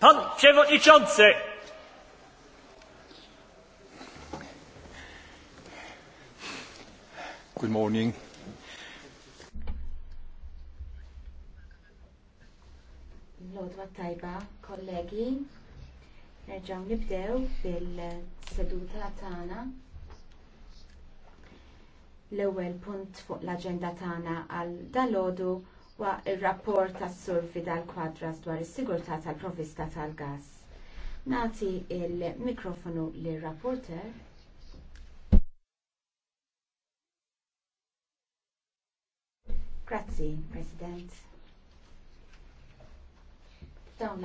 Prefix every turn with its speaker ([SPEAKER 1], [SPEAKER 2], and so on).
[SPEAKER 1] Pan Przewodniczący!
[SPEAKER 2] Good morning.
[SPEAKER 3] Lodwa tajba, kollegi.
[SPEAKER 4] Nerġaw nibdew bil-seduta tagħna. L-ewwel punt fuq l agenda tana għal dalodu wa il-rapport tas sur Fidal Kwadras dwar is-sigurtà tal-provista tal-gas. Nati il-mikrofonu lir-rapporter. Grazzi,
[SPEAKER 3] President.